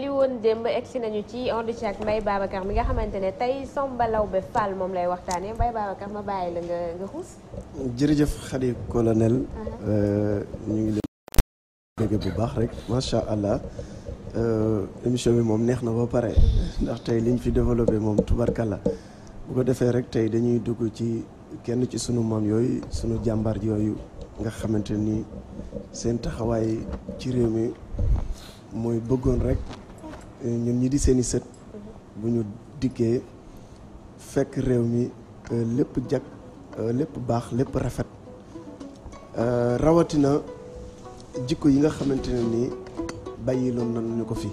li woon démb egsi nañu ci on dit ak Mbaye mi nga xamante ne tey Samba Laobé Fall moom lay waxtaanee Mbaye Babacar ma bàyyi la nga nga xuus. jërëjëf xale colonel. Uh-huh. Euh, ñu ngi leen di bu baax rek macha allah euh, émission bi moom neex na ba pare ndax tey liñ fi développé moom la bu ko defee rek tey dañuy dugg ci kenn ci sunu maam yooyu sunu jàmbaar yooyu nga xamante ni seen taxawaay ci réew mi. mooy bëggoon rek eh, ñun ñi di seeni i sët bu ñu dikkee fekk réew mi eh, lépp jag eh, lépp baax lépp rafet rawatina jikko yi nga xamante ne nii bàyyiloon nañu ko fi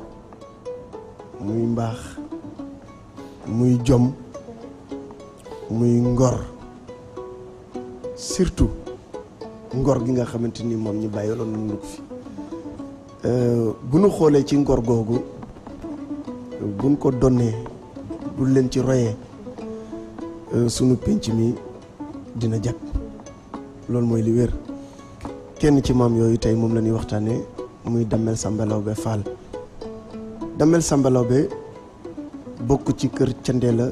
muy mbaax muy jom muy ngor surtout ngor gi nga xamante ni moom ñu bàyyiloon nañu ko fi Euh, bu nu xoolee ci ngor googu buñ ko donnee bu leen ci royee euh, sunu pinc mi dina jag loolu mooy li wér kenn ci maam yooyu tey moom la ñuy waxtaanee muy Damel Samba Laobé Fall Damel Samba Laobé bokk ci kër la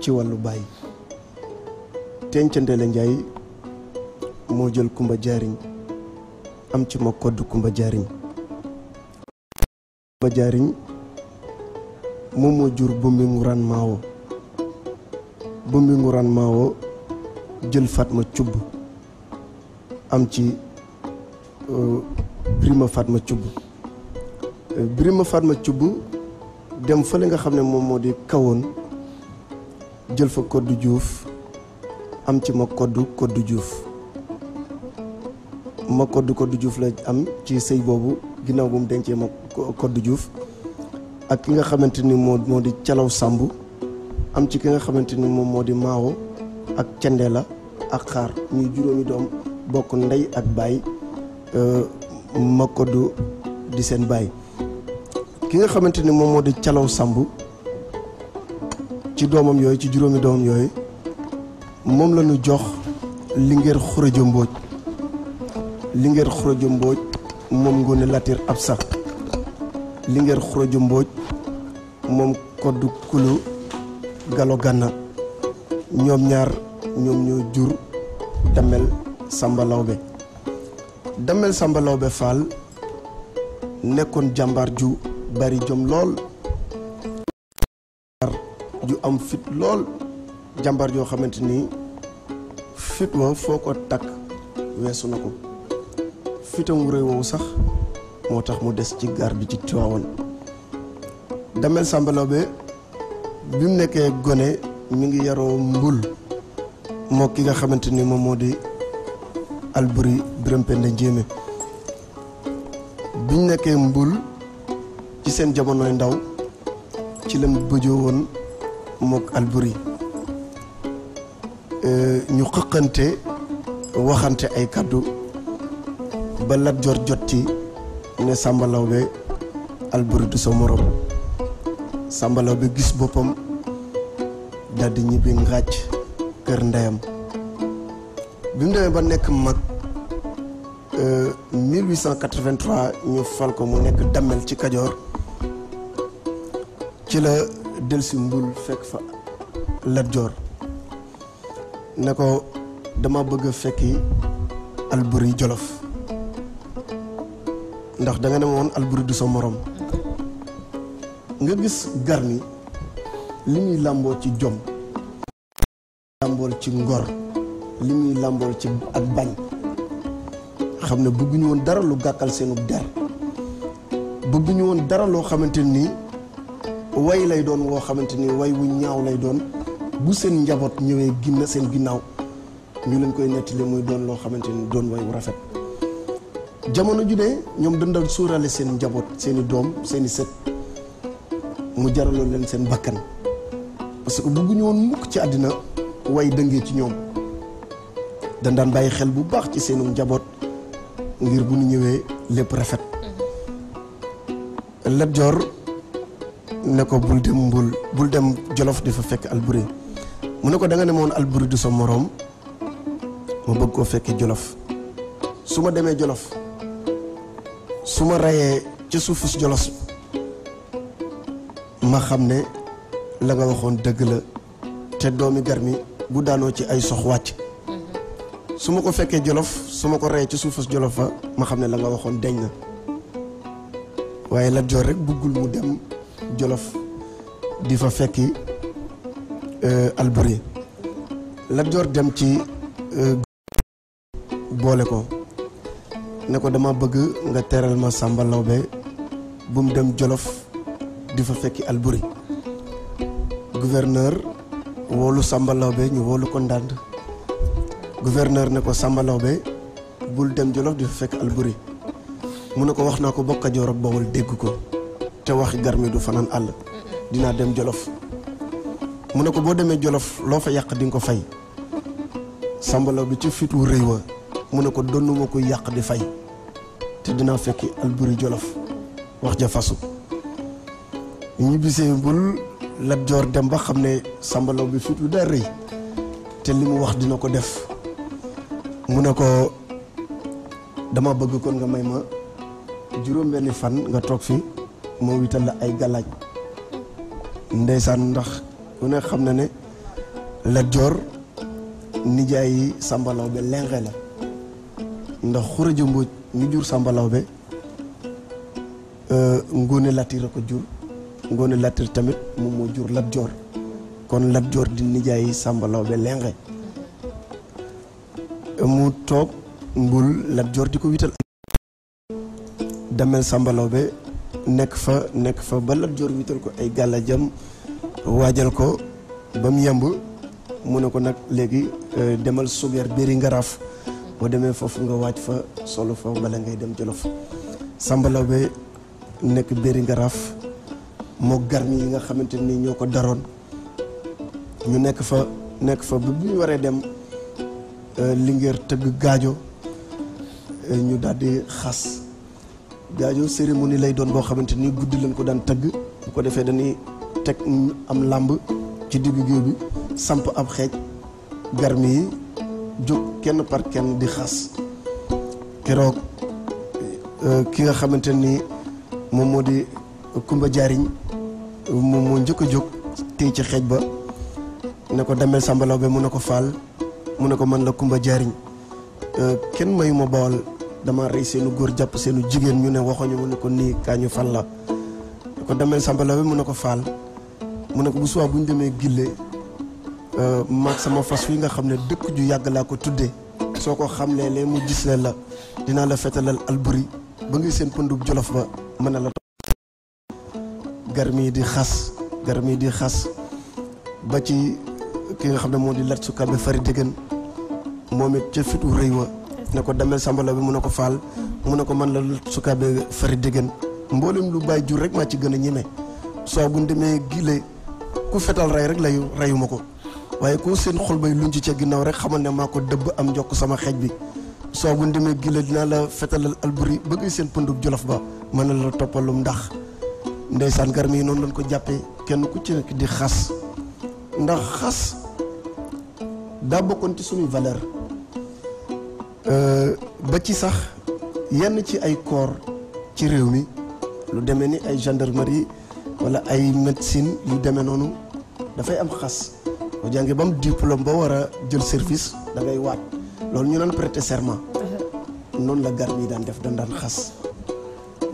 ci wàllu baay teen Thiendella Ndiaye moo jël Kumba Jaariñ am ci ma kodd Kumba Jaariñ ba jaariñ moom moo jur Bumbi Nguraan Maawo Bumbi Nguraan Maawo jël Fatma Cubb am ci euh, Birima Fatma ma euh, Birima Fatma Cubb dem fële nga xam ne moom moo di kawoon jël fa koddu juuf am ci ma koddu koddu juuf ma koddu koddu juuf la am ci sëy boobu ginnaaw bu mu dencee ma Codé Diouf ak ki nga xamante ni moo moo di Calaw Samb am ci ki nga xamante ni moom moo di Maawo ak Cendela ak Xaar ñuy juróomi doom bokk ndey ak baay euh, ma Codé di seen baay ki nga xamante ni moom moo di Calaw Samb ci doomam yooyu ci juróomi doomam yooyu moom la ñu jox Linguère Khourédio li Linguère Khourédio Mbodj moom Ngoné Latyr Absa Linguère Khourodio Mbodj moom Koddu Kulu Galo Gànna ñoom ñaar ñoom ñoo jur Damel Samba Lawbe Damel Samba Lawbe Fall nekkoon jàmbaar ju bari jom lool ju am fit lool jàmbaar joo xamante ni fit wa foo ko takk weesu na ko fitam réy woowu sax moo tax mu des ci gaar bi ci Tiwaawoon Damel Samba Laobé bi mu nekkee gone mu ngi yaroo mbul moo ki nga xamante ni moom moo di Alburi Birame Penda Njéemé bi ñu nekkee mbul ci seen jamonoy ndaw ci lañ bëjoo woon mook Alburi euh, ñu xëqante waxante ay kàddu ba Lat Joor jot ci ne Samba Laobé Alboury du sa morom Samba Laobé gis boppam daldi ñibbi ngàcc kër ndeyam bi mu demee ba nekk mag 1883 euh, ñu fal ko mu nekk dammel ci Kajoor ci la delsi mbul fekk fa Lat ne ko dama bëgg a fekki Alboury Jolof ndax danga nga ne woon Alboury du sa morom nga gis Garmi li muy làmboo ci jom làmbool ci ngor li muy làmbool ci ak bañ xam ne bëgguñu woon dara lu gàkkal seenu der bëgguñu woon dara loo xamante nii way lay doon woo xamante ni way wu ñaaw lay doon bu seen njaboot ñëwee ginna seen ginnaaw ñu leen koy netti nettali muy doon loo xamante ni doon way wu rafet jamono ju ne ñoom dañ daan sóoraale seen njaboot seeni doom seeni i sët mu jaraloon leen seen bakkan parce que bëgguñu woon mukk ci àddina way dëngee ci ñoom dañ daan bàyyi xel bu baax ci seenu njaboot ngir bu ñu ñëwee lépp rafet mm-hmm. Lat Joor ne ko bul dem mbul bul dem Jolof di fa fekk Alburi mu ne ko da nga ne moon Alburi du sa moroom ma bëgg koo fekkee Jolof su ma demee Jolof su ma reyee ca suufus jolos ma xam ne la nga waxoon dëgg la te doomi garmi bu daanoo ci ay sox wàcc su ma ko fekkee jolof su ma ko reyee ci suufas jolof fa ma xam ne la nga waxoon deñ na waaye Lat Joor rek buggul mu dem jolof di fa fekki euh, Alburi Lat Joor dem ci euh, boole ko ne ko dama bëgg nga teral ma Samba Lawbe bu mu dem Jolof di fa fekki Alburi gouverneur woolu Samba Lawbe ñu woolu ko ndànd gouverneur ne ko Samba Lawbe bul dem Jolof di fa fekk Alburi mu ne ko wax naa ko bokk Kajoor ak Bawol dégg ko te waxi garmi du fanaan àll dinaa dem Jolof mu ne ko boo demee Jolof loo fa yàq di nga ko fay Samba Lawbe ci fitu réew wa mu ne ko donnuma koy yàq di fay te dinaa fekki Alburi Jolof wax ja fasu ñibbisee mbul Lat Joor dem ba xam ne Samba bi fit lu day rëy te li mu wax dina ko def mu ne ko dama bëgg kon nga may ma juróom-benni fan nga toog fi moo wital la ay galaaj ndeysaan ndax ku ne xam na ne Lat Joor nijaay yi Samba bi lenqe la ndax Khourédia Mbodj ñu jur Samba Lawbe euh, Ngone Latir a ko jur ngoone Latir tamit moom moo jur Lat Joor kon Lat Joor di nijaay Samba Lawbe lenge mu toog mbul Lat Joor di ko wital damel Samba Lawbe nekk fa nekk fa ba Lat Joor wital ko ay gàlla gàllajam waajal ko ba mu yemb mu ne ko nag léegi euh, demal sugeer beri ngaraaf boo demee foofu nga waaj fa solo fa bala ngay dem Jolof Samba Laobé nekk Béri Ngaraaf moo garmi yi nga xamante ni ñoo ko daroon ñu nekk fa nekk fa bu ñu waree dem euh, Linguère tëgg gaajo euh, ñu daal di xas gaajo cérémonie lay doon boo xamante ni guddi leen ko daan tëgg bu ko defee dañuy teg am làmb ci diggu géew bi samp ab xeej garmi yi jóg kenn par kenn di xas keroog euh, ki nga xamante ni moom moo di Kumba Jaariñ moom moo njëkk a jóg tey ci xeej ba ne ko Damel Samba Laobé mu ne ko Fall mu ne ko man la Kumba Jaariñ euh, kenn mayu ma bawal dama rey seenu góor jàpp seenu jigéen ñu ne waxoñu mu ne ko nii kaa ñu fal la ne ko Damel Samba Laobé mu ne ko Fall mu ne ko bu suwaa bu ñu demee Gille Euh, maag sama fas wi nga xam ne dëkk ju yàgg laa ko tuddee soo ko xamlee lee mu gis le la dinaa la fetalal alburi ba ngi seen pëndub jolof ba mën na la gar di xas di xas ba ci ki nga xam ne moo di lat sukabe fari déggan moom it ca fitu rëy wa ko damel sambala bi mu ne ko faal mu ne ko man la lat sukabe fari déggan mboolem lu bàyyi jur rek maa ci gën a ñeme soo bu ñu demee gile ku fetal rey rek layu reyuma ko waaye koo seen xol bay luñ ci ca ginnaaw rek xamal ne maa ko dëbb am njokk sama xeej bi soo bu ndemee gi dinaa la fetalal alburi ba seen pëndub jolof ba mën na la toppalum ndax ndeysaan garmi yi noonu lañ ko jàppee kenn ku ci nekk di xas ndax xas daa bokkoon ci suñuy valeur euh, ba ci sax yenn ci ay corps ci réew mi lu demee ni ay gendarmerie walla ay médecine yu demee noonu dafay am xas boo jàngee ba am diplôme ba war a jël service da ngay waat loolu ñu naan prêter serment. noonu la garde yi daan def dan daan xas.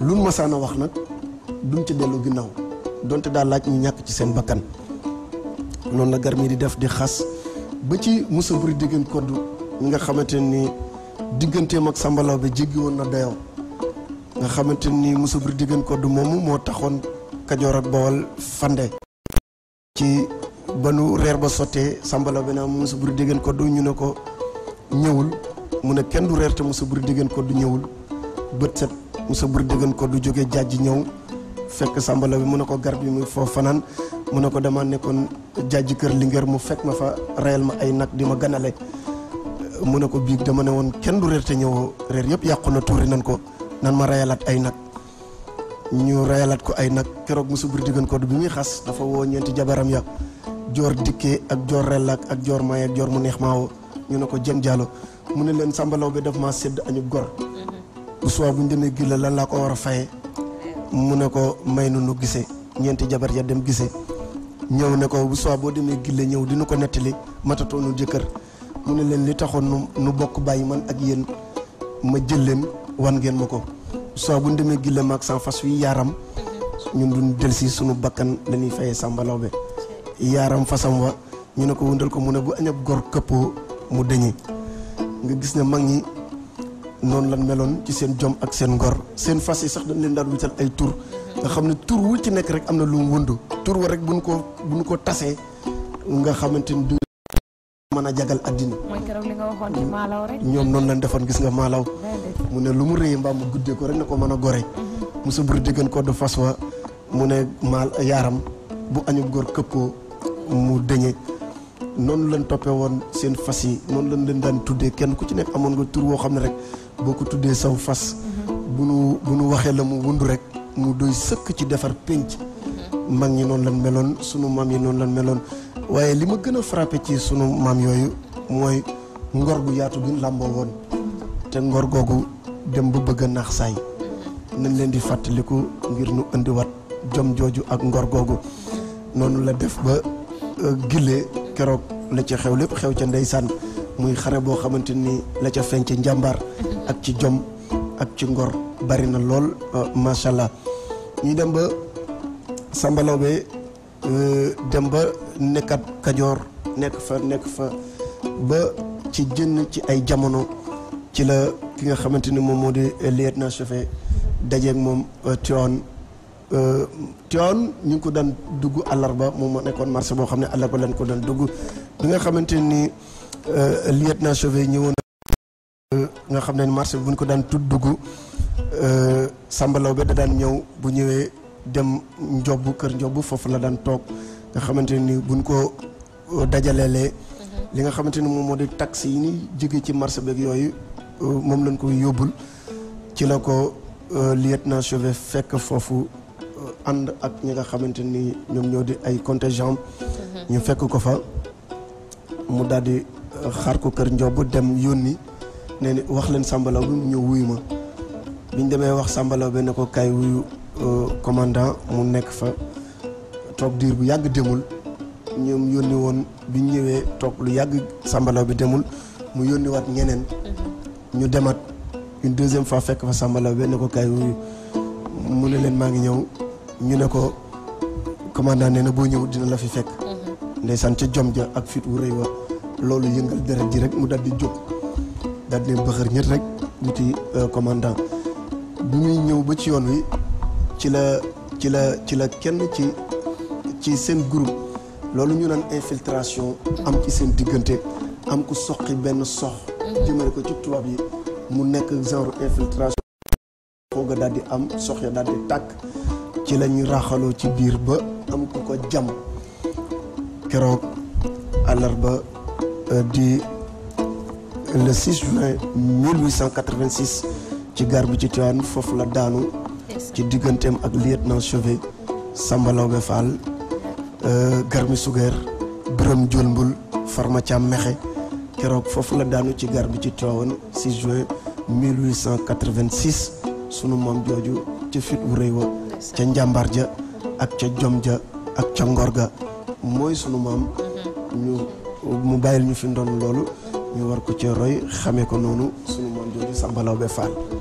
lu masaana wax nag duñ ci dellu ginnaaw donte daal laaj ñu ñàkk ci seen bakkan noonu la garmi di def di xas ba ci Moussa Buri diggéen koddu mi nga xamante ni digganteem ak sambalaw bi jéggi woon na dayoo nga xamante ni Moussa Buri diggéen koddu moomu moo taxoon Kajoor ak Bawol fande ba nu reer ba sottee sambala benaa mu musa buri déggeen ko du ñu ne ko ñëwul mu ne kenn du reer te musa buri déggeen ko du ñëwul bët set musa buri déggeen ko du jógee jàjj ñëw fekk sambala bi mu ne ko garab yi muy foofu fanaan mu ne ko dama nekkoon jàjj kër Linguère mu fekk ma fa reyal ma ay nag di ma ganale mu ne ko biig dama ne woon kenn du reer te ñëwoo reer yëpp yàqu na tuuri nan ko nan ma reyalaat ay nag ñu reyalaat ko ay nag keroog musa buri déggeen ko bi muy xas dafa woo ñeenti jabaram ya joor dikkee ak joor rellaak ak joor may ak joor mu neex maaw ñu ne ko jën jaalo mu ne leen sàmbalaw bi daf ma sedd añu gor mhm. bu suwaa bu ñu demee gilla lan laa ko war a faye mu ne ko may nu nu gisee ñeenti jabar ya dem gisee ñëw ne ko bu suwaa boo demee gilla ñëw dina ko nettali matatoo nu jëkkër mu ne leen li taxoon nu nu bokk bàyyi man ak yéen ma jël wan ngeen ma ko soit bu ñu demee gilla maag sans fas wi yaaram mhm. ñun duñ delsi sunu bakkan lañuy fayee sàmbalaw be yaaram fasam wa ñu ne ko wëndal ko mu ne bu añab gor këppoo mu dëñi nga gis ne mag ñi noonu lan meloon ci seen jom ak seen ngor seen fas yi sax dañ leen daan wutal ay tur nga xam ne tur wu ci nekk rek am na lu mu wëndu tur wa rek bu ñu bu ñu ko tasee nga xamante ni du a jagal addina ñoom noonu lañ defoon gis nga maalaw mu ne lu mu rëy mbaam mu guddee ko rek na ko mën a gore mhm. musa bur diggan ko du fas wa mu ne maal yaaram bu añub góor këppoo mu dëñe noonu lan toppee woon seen fas yi noonu lañ leen daan tuddee kenn ku ci nekk amoon nga tur woo xam ne rek boo ko tuddee saw fas bu nu bu nu waxee la mu wund rek mu doy sëkk ci defar pénc mag ñi noonu lañ meloon sunu maam yi noonu lan meloon waaye li ma gën a frappé ci sunu maam yooyu mooy ngor gu yaatu bu làmboo woon te ngor googu dem ba bëgg naax saay nañ leen di fàttaliku ngir nu indiwaat jom jooju ak ngor googu noonu la def ba gille keroog la ca xew lépp xew ca ndeysaan muy xare boo xamante ni la ca feeñ ca njàmbaar ak ci jom ak ci ngor bari na lool euh, macha allah ñuy dem ba Samba Laobé euh, dem ba nekkat Kajoor nekk fa nekk fa ba ci jën ci ay jamono ci la ki nga xamante ni moom moo di lieutenant-chef dajeeg moom euh, Tivaouane Euh, Thion ñu ngi ko daan dugg ba moom moo nekkoon marché boo xam ne àllarba lañ ko daan dugg bi nga xamante ni euh, lieutenant Chauvet ñëwoon euh, nga xam ne marché bi bu ñu ko daan tudd dugg sàmbalaw ba da ñëw bu ñëwee dem njobb kër njobb foofu la daan toog nga xamante ni buñ ko dajaleelee mhm. li nga xamante ni moom moo di taxi yi ni jóge ci marché beeg yooyu moom lañ koy yóbbul ci la ko lieutenant fekk foofu ànd ak ñi nga xamante ni ñoom ñoo di ay contingent ñu fekk ko fa mu daldi di euh, xaar ko kër Ndiob dem yónni ne ni wax leen sàmbalaw bi mu ñëw wuyu ma biñ demee wax sàmbalaw bi ne ko kaay euh, commandant mu nekk fa toog diir bu yàgg demul ñoom yónni woon biñ ñëwee toog lu yàgg sàmbalaw bi demul mu yónniwaat ñeneen ñu demaat une deuxième fois fekk fa sàmbalaw bi ne ko kaay wuyu mu ne leen maa ngi ñëw ñu ne ko commandant nee na boo ñëw dina la fi fekk mhm. ndeysaan ca jom ja ak fit wu rëy wa loolu yëngal deret ji rek mu daal di jóg daal di leen bëxër ñët rek wuti euh, commandant bu ñuy ñëw ba ci yoon wi ci la ci la ci la kenn ci ci seen groupe loolu ñu naan infiltration am ci seen diggante am ku soqi benn sox mhm. jëmale ko ci tubaab yi mu nekk genre infiltration fooga daal di am sox ya daal tàkk ci lañ raxaloo ci biir ba am ku ko jam keroog àllarba euh, di le 6 juin 1886 ci gar bi ci Tivaouane foofu la daanu ci digganteem ak lieutenant Chauvet Samba Laobé Fall euh, Garmi Suger Birame Diolmbul Farma Thiam Mexe keroog foofu la daanu ci gar bi ci Tivaouane 6 juin sunu maam jooju ci fit wu rëy wa ca njàmbar ja ak ca jom ja ak ca ngor ga mooy sunu maam mm-hmm. mu bàyyil ñu fi ndoon loolu ñu war ko ca roy xamee ko noonu sunu maam jooju Samba Laobé Fall